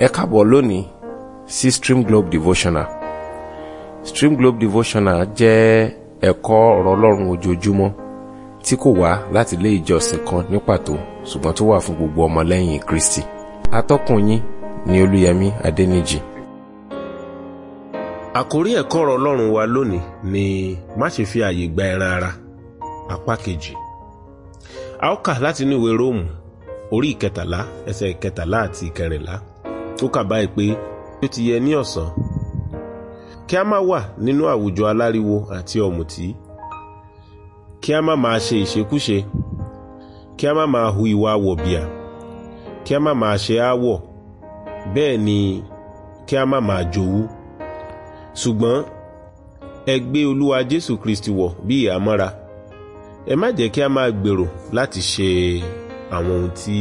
ẹ káàbọ̀ lónìí sí Stream Globe Devotional Stream Globe Devotional jẹ́ ẹ̀kọ́ ọ̀rọ̀ ọlọ́run ojoojúmọ́ tí kò wá láti ilé ìjọsìn kan ní pàtó ṣùgbọ́n tó wà fún gbogbo ọmọlẹ́yìn Kristi atọ́kùn yín ni Olúyẹmí Adẹ́nìjì. àkórí ẹ̀kọ́ ọ̀rọ̀ ọlọ́run wa lónìí ni má ṣe fi àyè gba ẹran ara apá kejì a ó kà láti inú ìwé Róòmù orí ìkẹtàlá ẹsẹ̀ ìkẹtàlá àti ìkẹrìnlá ó kà báyìí pé ó ti yẹ ní ọ̀sán kí a má wà nínú àwùjọ aláriwo àti ọ̀mùtí kí a má máa ṣe ìṣekúṣe kí a má máa hu ìwà wọ̀bìà kí a má máa ṣe aáwọ̀ bẹ́ẹ̀ ni kí a má máa jowú ṣùgbọ́n ẹ gbé olúwa jésù kristi wọ̀ bí ìhámọ́ra ẹ má jẹ́ kí a máa gbèrò láti ṣe àwọn ohun tí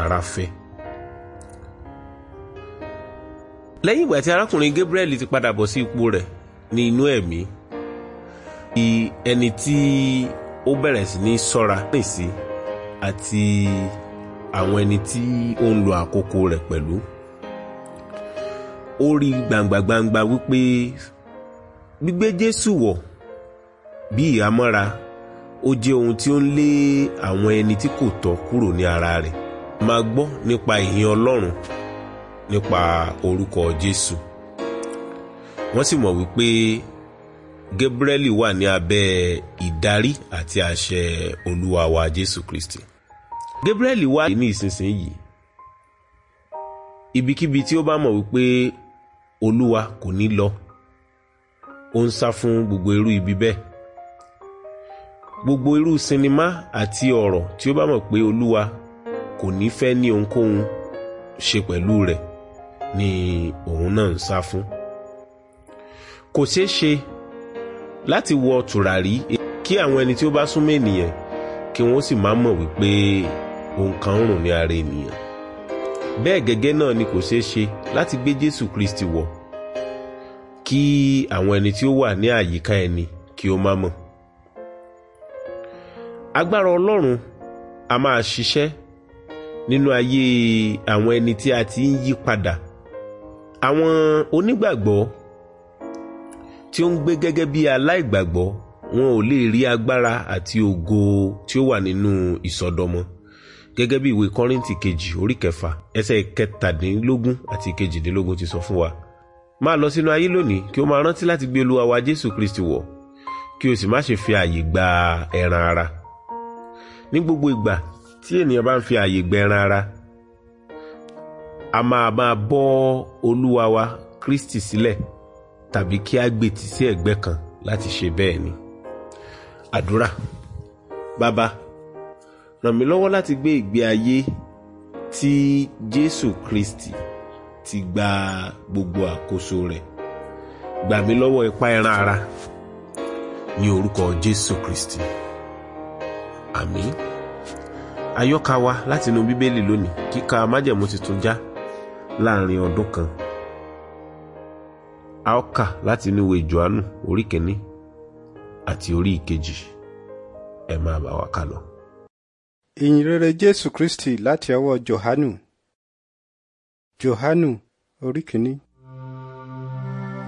ara fẹ́. lẹ́yìn ìgbà tí arákùnrin Gabriel ti padà bọ̀ sí ipò rẹ̀ ní inú ẹ̀mí ti ẹni tí ó bẹ̀rẹ̀ sí ní ṣọ́ra nìsí àti àwọn ẹni tí ó ń lo àkókò rẹ̀ pẹ̀lú ó rí gbangba-gbangba wípé gbígbé Jésù wọ̀ bí ìhámọ́ra ó jẹ́ ohun tí ó ń lé àwọn ẹni tí kò tọ́ kúrò ní ara rẹ̀ máa gbọ́ nípa ìhìn Ọlọ́run nípa orúkọ Jésù wọ́n sì mọ̀ wípé Gabriel wà ní abẹ́ ìdarí àti àṣẹ Olúwa wa Jésù Kristi Gabriel wà ní ìsinsìnyí ibikíbi tí ó bá mọ̀ wípé Olúwa kò ní lọ ó ń sá fún gbogbo irú ibi bẹ́ẹ̀ gbogbo irú sinimá àti ọ̀rọ̀ tí ó bá mọ̀ pé Olúwa kò ní fẹ́ ní ohunkóhun ṣe pẹ̀lú rẹ̀ ni òun náà ń sá fún kò ṣeé ṣe láti wọ tùràrí kí àwọn ẹni tí ó bá súnmọ́ ènìyàn kí wọ́n sì máa mọ̀ wípé ohun kan ń rùn ní ara ènìyàn bẹ́ẹ̀ gẹ́gẹ́ náà ni kò ṣeé ṣe láti gbé Jésù Kristi wọ̀ kí àwọn ẹni tí ó wà ní àyíká ẹni kí ó má mọ̀ agbára Ọlọ́run a máa ṣiṣẹ́ nínú ayé àwọn ẹni tí a ti ń yí padà àwọn onígbàgbọ́ tí ó ń gbé gẹ́gẹ́ bí aláìgbàgbọ́ wọn ò lè rí agbára àti ògo tí ó wà nínú ìsọdọmọ gẹ́gẹ́ bí ìwé kọ́rìntì kejì orí kẹfà ẹsẹ̀ kẹtàdínlógún àti kejìdínlógún ti sọ fún wa máa lọ sínú ayé lónìí kí o máa rántí láti gbé olúwa wa jésù kristi wọ̀ kí o sì má ṣe fi ààyè gba ẹran ara ní gbogbo ìgbà tí ènìyàn bá ń fi ààyè gba ẹran ara a máa máa bọ́ olúwa wa Kristi sílẹ̀ tàbí kí a gbètì sí ẹ̀gbẹ́ kan láti ṣe bẹ́ẹ̀ ni. àdúrà bàbá ràn mí lọ́wọ́ láti gbé ìgbé ayé tí Jésù Kristi ti gba gbogbo àkóso rẹ̀ gbà mí lọ́wọ́ ipá ẹran ara ní orúkọ Jésù Kristi àmín àyọkà wa látinú bíbélì lónìí kíka májẹ̀mú tuntun já. Ja láàrin ọdún kan a ó kà láti inú ìwé johannu orí kìíní àti orí ìkejì ẹ máa bá wa kà lọ. ìyìn rere jésù kristi láti ọwọ́ johannu johannu orí kìíní.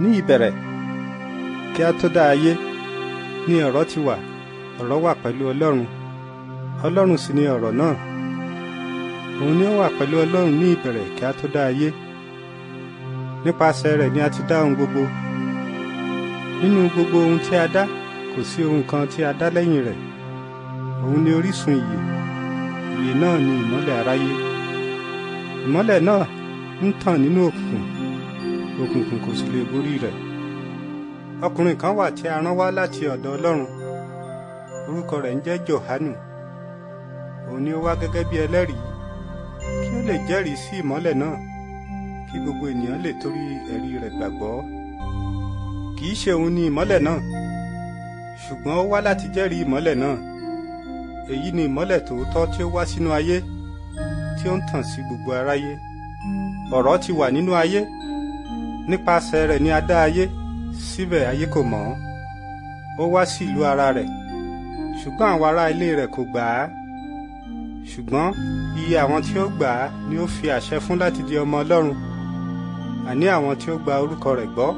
ní ìbẹ̀rẹ̀ kí a tó dá ayé ní ọ̀rọ̀ ti wà ọ̀rọ̀ wà pẹ̀lú ọlọ́run ọlọ́run sì ni ọ̀rọ̀ náà òun ni ó wà pẹ̀lú Ọlọ́run ní ìbẹ̀rẹ̀ kí a tó dá ayé nípasẹ̀ rẹ̀ ni a ti dá ohun gbogbo nínú gbogbo ohun tí a dá kò sí ohun kan tí a dá lẹ́yìn rẹ̀ òun ni orísun ìyè ìyè náà ni ìmọ́lẹ̀ aráyé ìmọ́lẹ̀ náà ń tàn nínú òkùnkùn òkùnkùn kò sì lè borí rẹ̀ ọkùnrin kan wà tí a rán wá láti ọ̀dọ̀ Ọlọ́run orúkọ rẹ̀ ń jẹ́ Jòhánù òun ni ó wá gẹ́gẹ́ bí ẹlẹ́rìí lè jẹ́rìí sí ìmọ́lẹ̀ náà kí gbogbo ènìyàn lè torí ẹ̀rí rẹ̀ gbàgbọ́ kì í ṣe òun ni ìmọ́lẹ̀ náà ṣùgbọ́n ó wá láti jẹ́rìí ìmọ́lẹ̀ náà èyí ni ìmọ́lẹ̀ tòótọ́ tí ó wá sínú ayé tí ó ń tàn sí gbogbo aráyé ọ̀rọ̀ ti wà nínú ayé nípasẹ̀ rẹ̀ ni a dá ayé síbẹ̀ ayé kò mọ̀ ó wá sí ìlú ara rẹ̀ ṣùgbọ́n àwọn ará ilé rẹ̀ kò gbà á ṣùgbọ́n iye àwọn tí ó gbà á ni ó fi àṣẹ fún láti di ọmọ ọlọ́run àní àwọn tí ó gba orúkọ rẹ̀ gbọ́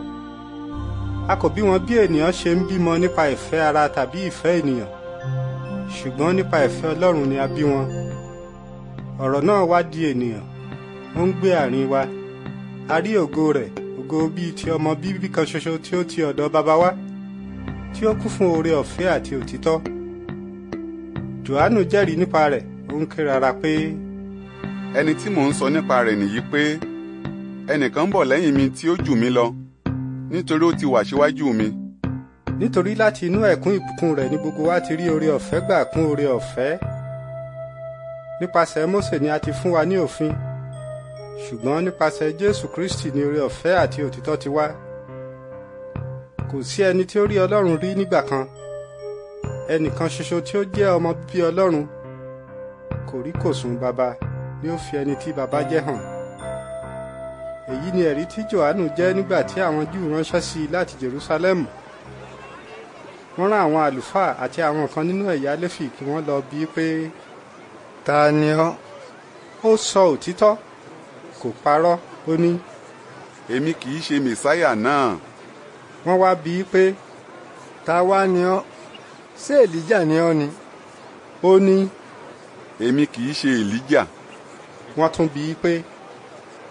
a kò bí wọn bí ènìyàn ṣe ń bímọ nípa ìfẹ́ ara tàbí ìfẹ́ ènìyàn ṣùgbọ́n nípa ìfẹ́ ọlọ́run ni a bí wọn ọ̀rọ̀ náà wá di ènìyàn ó ń gbé àárín wa a rí ògo rẹ̀ ògo bíi ti ọmọ bíbí kan ṣoṣo tí ó ti ọ̀dọ̀ baba wá tí ó kún fún oore ọ̀fẹ́ àti òtítọ́ Jòhánù jẹ́rìí nípa rẹ̀ ó ń pé. ẹni tí mò ń sọ nípa rẹ̀ nìyí pé ẹnìkan bọ̀ lẹ́yìn mi tí ó jù mí lọ nítorí ó ti wà síwájú mi. nítorí láti inú ẹ̀kún ìbùkún rẹ̀ ni gbogbo wa ti rí oore ọ̀fẹ́ gbà kún oore ọ̀fẹ́. nípasẹ̀ Mósè ni a ti fún wa ní òfin ṣùgbọ́n nípasẹ̀ Jésù Kristi ni oore ọ̀fẹ́ àti òtítọ́ ti wá kò sí ẹni tí ó rí Ọlọ́run rí nígbà kan ẹnìkan ṣoṣo tí ó jẹ́ ọmọ bíbí Ọlọ́run kòríkòsùn baba ni ó fi ẹni tí baba jẹ́ hàn èyí ni ẹ̀rí tí Jòhánù jẹ́ nígbà tí àwọn Júù ránṣẹ́ sí i láti Jerúsálẹ́mù wọ́n rán àwọn àlùfáà àti àwọn kan nínú ẹ̀yà Léfì kí wọ́n lọ bi pé ta ni ọ́ ó sọ òtítọ́ kò parọ́ ó ní. èmi kì í ṣe mẹsáyà náà. wọ́n wá bi í pé ta wá ni ọ́ ṣé èlíjà ni ọ́ ni. ó ní èmi kì í ṣe èlíjà. wọ́n tún bi í pé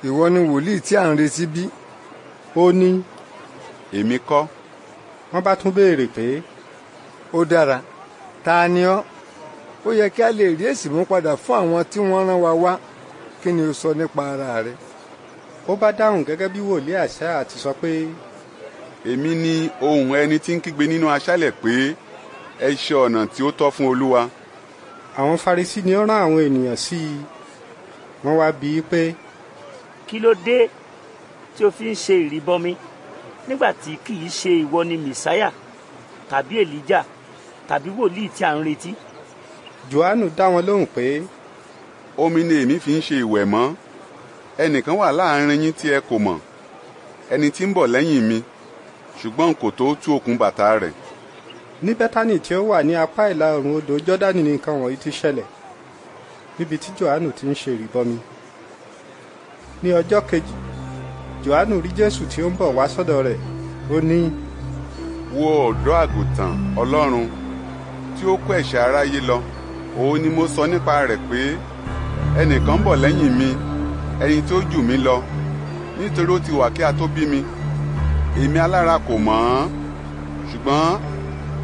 ìwọ ni wòlíì tí à ń retí bí ó ní. èmi kọ́. wọ́n bá tún béèrè pé ó dára ta ni ọ́ ó yẹ kí a lè rí èsì mú padà fún àwọn tí wọ́n rán wa wá kí ni o sọ nípa ara rẹ. ó bá dáhùn gẹ́gẹ́ bí wòlíì àṣà àti sọ pé. èmi ni ohùn ẹni tí ń kígbe nínú aṣálẹ̀ pé ẹ ṣe ọ̀nà tí ó tọ́ fún olúwa àwọn Farisí ni ó rán àwọn ènìyàn sí i wọ́n wá bi í pé. kí ló dé tí o fi ń ṣe ìrìbọmi nígbà tí kì í ṣe ìwọ ni mìsáyà tàbí èlíjà tàbí wòlíì tí a ń retí. Jòhánù dá wọn lóhùn pé. omi ni èmi fi ń ṣe ìwẹ̀ mọ́ ẹnìkan wà láàrin yín tí ẹ kò mọ̀ ẹni tí ń bọ̀ lẹ́yìn mi ṣùgbọ́n kò tó tú okùn bàtà rẹ̀ ní bẹ́tánì tí ó wà ní apá ìlà oòrùn odò jọ́dánì ni nǹkan wọ̀nyí ti ṣẹlẹ̀ níbi tí johannu ti ń ṣe ìrìbọmi ní ọjọ́ kejì johannu rí jésù tí ó ń bọ̀ wá sọ́dọ̀ rẹ̀ ó ní. wo ọ̀dọ́ àgùntàn ọlọ́run tí ó kó ẹ̀ṣẹ̀ aráyé lọ òun ni mo sọ nípa rẹ̀ pé ẹnìkan bọ̀ lẹ́yìn mi ẹni tó jù mí lọ nítorí ó ti wà kí a tó bí mi èmi alára kò mọ̀ ọ́n ṣùgbọ́n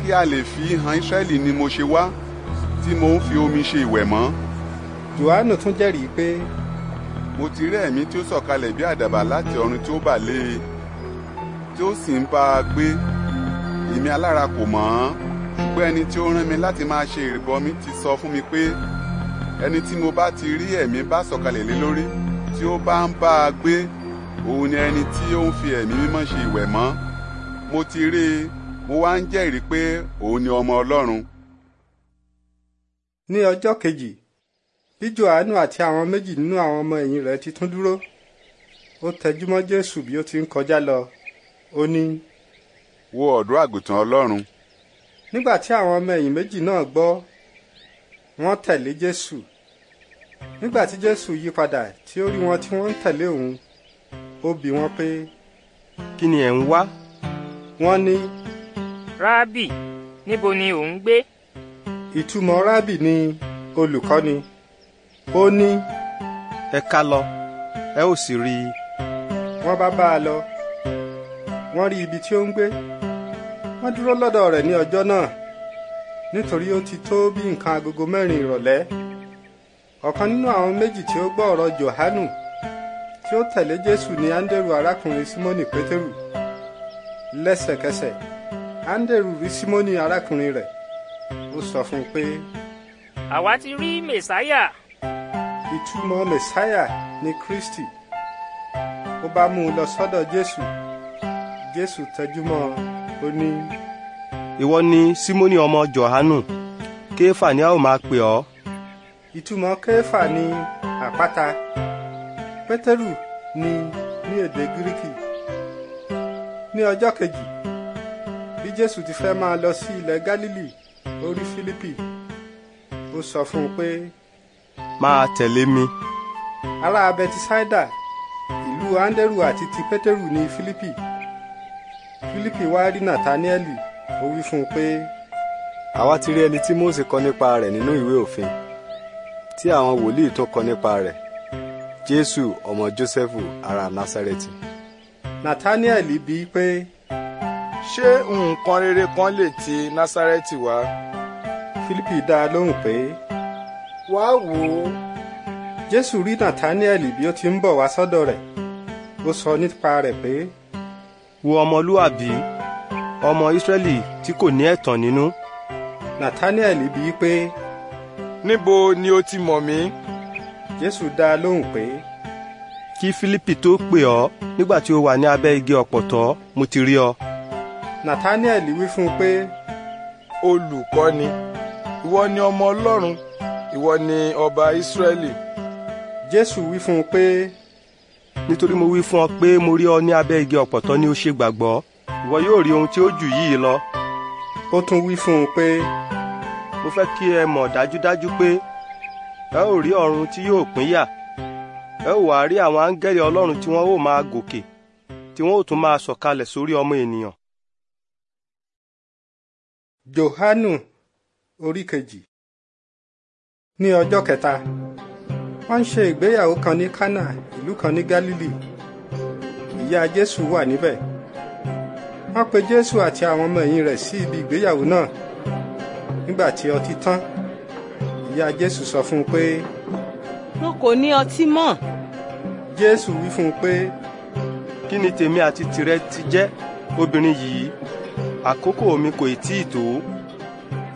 kí a lè fi hàn Ísírẹ́lì ni mo ṣe wá tí mo ń fi omi ṣe ìwẹ̀ mọ́. Jòhánù tún jẹ́rìí pé. mo ti rí ẹ̀mí tí ó sọ̀kalẹ̀ bí àdàbà láti ọ̀run tí ó bà lé e tí ó sì ń bá a gbé èmi alára kò mọ̀ ọ́n ṣùgbọ́n ẹni tí ó rán mi láti máa ṣe ìrìbọmi ti sọ fún mi pé ẹni tí mo bá ti rí ẹ̀mí bá sọ̀kalẹ̀ lé lórí tí ó bá ń bá a gbé òun ni ẹni tí ó ń fi ẹ̀mí mímọ́ ṣe ìwẹ̀ mọ́ mo ti rí i e, mo wá ń jẹ́rìí pé òun ni ọmọ ọlọ́run. ní ọjọ́ kejì bí Jòhánù àti àwọn méjì nínú àwọn ọmọ ẹ̀yìn rẹ̀ ti tún dúró ó tẹjúmọ́ Jésù bí ó ti ń kọjá lọ ó ní. wo ọ̀dọ́ àgùntàn ọlọ́run. nígbà tí àwọn ọmọ ẹ̀yìn méjì náà gbọ́ wọ́n tẹ̀lé Jésù nígbà tí Jésù yí padà tí ó rí wọn tí wọ́n ń tẹ̀lé òun ó bi wọ́n pé. kí ni ẹ̀ ń wá. wọ́n ní rábì níbo ni ò ń gbé. ìtumọ̀ rábì ni olùkọ́ni ó ní ẹ ká lọ ẹ ó sì rí i. wọ́n bá bá a lọ wọ́n rí ibi tí ó ń gbé wọ́n dúró lọ́dọ̀ rẹ̀ ní ọjọ́ náà nítorí ó ti tó bí nǹkan agogo mẹ́rin ìrọ̀lẹ́ ọ̀kan nínú àwọn méjì tí ó gbọ́ ọ̀rọ̀ Jòhánù tí ó tẹ̀lé Jésù ní Áńdérù arákùnrin Símónì Pétérù lẹ́sẹ̀kẹsẹ̀ anderu rí simoni arákùnrin rẹ̀ ó sọ fún un pé. àwa ti rí mẹsáyà. ìtumọ̀ mẹsáyà ni kristi ó bá mú un lọ sọ́dọ̀ jésù jésù tẹjúmọ́ ó ní. ìwọ ni simoni ọmọ johanu kéfà ni a ó máa pè ọ́. ìtumọ̀ kéfà ni àpáta pétérù ni ní èdè gíríkì ní ọjọ́ kejì bí jésù ti fẹ́ máa lọ sí ilẹ̀ gálílì ó rí fílípì ó sọ fún un pé. máa tẹ̀lé mi. ará bẹtisáídà ìlú áńdérù àti ti pétérù ní fílípì fílípì wá rí nàtániẹ́lì ó wí fún un pé. àwa ti rí ẹni tí mósè kọ nípa rẹ̀ nínú ìwé òfin tí àwọn wòlíì tún kọ nípa rẹ̀ jésù ọmọ jósẹ́fù ará násárẹ́tì. nàtániẹ́lì bíi pé ṣé nǹkan rere kan lè ti násárẹ́tì wá. fílípì dá a lóhùn pé. wá wò ó. jésù rí nàtàníẹ́lì bí ó ti ń bọ̀ wá sọ́dọ̀ rẹ̀ ó sọ nípa rẹ̀ pé. wo ọmọlúwàbí ọmọ ìsírẹ́lì tí kò ní ẹ̀tàn nínú. nàtàníẹ́lì bí i pé. níbo ni o ti mọ̀ mí. jésù dá a lóhùn pé. kí fílípì tó pè ọ́ nígbà tí o wà ní abẹ́ igi ọ̀pọ̀tọ́ mo ti rí ọ nathaniel wí fún un pé. olùkọ́ni ìwọ ni ọmọ ọlọ́run ìwọ ni ọba ìsírẹ́lì. jésù wí fún un pé. nítorí mo wí fún ọ pé mo rí ọ ní abẹ́ igi ọ̀pọ̀tọ́ ni ó ṣe gbàgbọ́ ìwọ yóò rí ohun tí ó jù yìí lọ. ó tún wí fún un pé. mo fẹ́ kí ẹ mọ̀ dájúdájú pé ẹ ó rí ọ̀run tí yóò pínyà ẹ ó wàá rí àwọn áńgẹ́lì ọlọ́run tí wọ́n ó máa gòkè tí wọ́n ó tún máa sọ̀kalẹ̀ sórí ọmọ ènìyàn Johanu orí kejì ní ọjọ́ kẹta wọ́n ń ṣe ìgbéyàwó kan ní Kánà ìlú kan ní Gálílì ìyá Jésù wà níbẹ̀ wọ́n pe Jésù àti àwọn ọmọ ẹ̀yìn rẹ̀ sí ibi ìgbéyàwó náà nígbà tí ọtí tán ìyá Jésù sọ fún un pé. wọn kò ní ọtí mọ́. Jésù wí fún un pé. kí ni tèmi àti tìrẹ ti jẹ́ obìnrin yìí àkókò mi kò tí ì tó.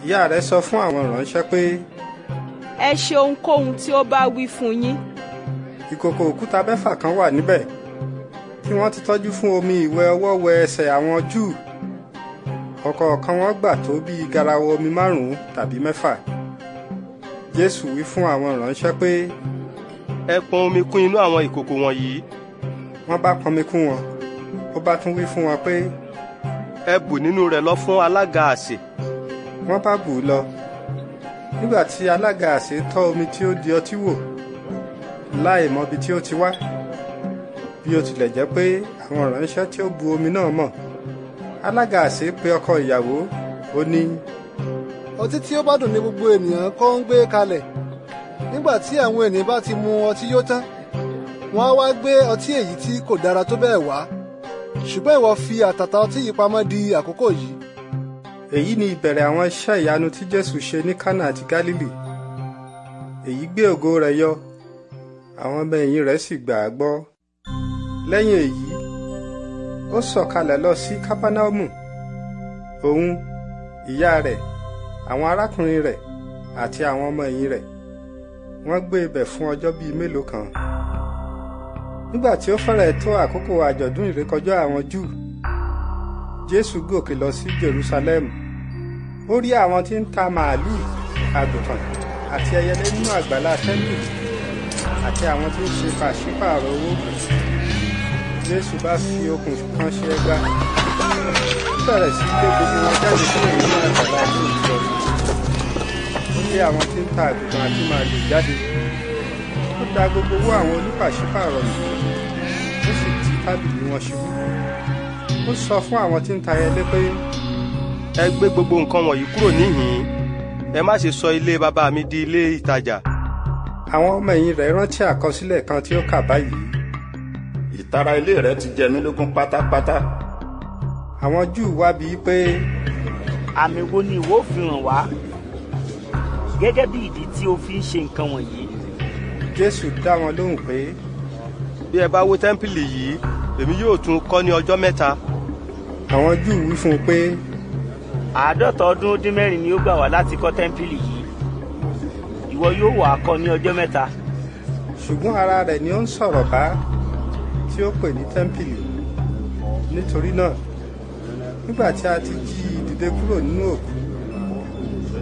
ìyá rẹ̀ sọ fún àwọn ìránṣẹ́ pé. ẹ ṣe ohunkóhun tí ó bá wí fún yín. ìkòkò òkúta mẹ́fà kan wà níbẹ̀ tí wọ́n ti tọ́jú fún omi ìwẹ̀ ọwọ́ wẹ ẹsẹ̀ àwọn júù ọ̀kọ̀ọ̀kan wọn gbà tó bíi garawa omi márùn-ún tàbí mẹ́fà jésù wí fún àwọn ìránṣẹ́ pé. ẹ pọn omi kún inú àwọn ìkòkò wọ̀nyí. wọ́n bá pọnmi kún wọn ó bá tún wí fún wọn pé ẹ bù nínú rẹ̀ lọ fún alága àsè. wọ́n bá bù ú lọ nígbà tí alága àsè tọ́ omi tí ó di ọtí wò láì mọbi tí ó ti wá bí ó tilẹ̀ jẹ́ pé àwọn ìránṣẹ́ tí ó bu omi náà mọ̀ alága àsè pe ọkọ ìyàwó ó ní. ọtí tí ó bá dùn ní gbogbo ènìyàn kọ́ ń gbé kalẹ̀ nígbà tí àwọn ènìyàn bá ti mu ọtí yó tán wọ́n á wá gbé ọtí èyí tí kò dára tó bẹ́ẹ̀ wá ṣùgbọ́n ìwọ fi àtàtà ọtí yìí pamọ́ di àkókò yìí. èyí ni ìbẹ̀rẹ̀ àwọn iṣẹ́ ìyanu tí jésù ṣe ní kánà àti gálílì èyí gbé ògo rẹ̀ yọ àwọn ọmọ ẹ̀yìn rẹ̀ sì gbà á gbọ́ lẹ́yìn èyí ó sọ̀kalẹ̀ lọ sí kápánámù òun ìyá rẹ̀ àwọn arákùnrin rẹ̀ àti àwọn ọmọ ẹ̀yìn rẹ̀ wọ́n gbé ibẹ̀ fún ọjọ́ bíi mélòó kan nígbà tí ó fẹ́rẹ̀ tó àkókò àjọ̀dún ìrékọjá àwọn júù jésù gòkè lọ sí jerusalem ó rí àwọn tí ń ta màálù àgùntàn àti ẹyẹlé nínú àgbàlá tẹ́ḿpìlì àti àwọn tí ń ṣe pàṣípààrọ̀ owó jésù bá fi okùn kan ṣe ẹgbà ó bẹ̀rẹ̀ sí pé gbogbo wọn jáde kúrò nínú àgbàlá júù ó lé àwọn tí ń ta àgùntàn àti màálù jáde gba gbogbo owó àwọn onípàṣípààrọ̀ yìí ó sì ti tábìlì wọn ṣubú ó sọ fún àwọn tí ń ta ẹlé pé. ẹ gbé gbogbo nǹkan wọ̀nyí kúrò níhìn-ín ẹ má ṣe sọ ilé bàbá mi di ilé ìtajà. àwọn ọmọ ẹ̀yìn rẹ̀ rántí àkọsílẹ̀ kan tí ó kà báyìí. ìtara ilé rẹ̀ ti jẹ mí lógún pátápátá. àwọn júù wá bíi pé. àmì wo ni ìwọ fi hàn wá gẹ́gẹ́ bí ìdí tí o fi ń ṣe nǹkan wọ̀nyí jésù dá wọn lóhùn pé. bí ẹ bá wó tẹ́ḿpìlì yìí èmi yóò tún kọ́ ní ọjọ́ mẹ́ta. àwọn júù wí fún un pé. àádọ́ta ọdún ó dín mẹ́rin ni ó gbà wá láti kọ́ tẹ́ḿpìlì yìí ìwọ yóò wà á kọ́ ní ọjọ́ mẹ́ta. ṣùgbọ́n ara rẹ̀ ni ó ń sọ̀rọ̀ bá tí ó pè ní tẹ́ḿpìlì nítorí náà nígbà tí a ti jí i dìde kúrò nínú òkú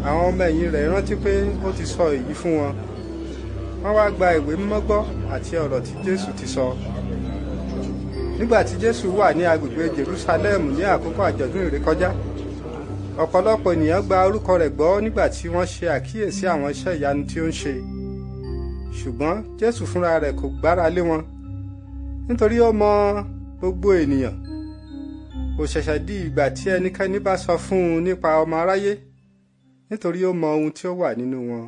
àwọn ọmọ ẹ̀yìn rẹ̀ rántí pé ó ti sọ èyí fún wọn wọ́n wá gba ìwé mímọ́ gbọ́ àti ọ̀rọ̀ tí jésù ti sọ nígbà tí jésù wà ní agbègbè jerusalem ní àkókò àjọ̀dún ìrékọjá ọ̀pọ̀lọpọ̀ ènìyàn gba orúkọ rẹ̀ gbọ́ nígbà tí wọ́n ṣe àkíyèsí àwọn iṣẹ́ ìyanu tí ó ń ṣe ṣùgbọ́n jésù fúnra rẹ̀ kò gbára lé wọn nítorí ó mọ gbogbo ènìyàn kò ṣẹ̀ṣẹ̀ di ìgbà tí ẹnikẹ́ni bá sọ fún un nípa ọmọ aráyé nítorí ó mọ ohun tí ó wà nínú wọn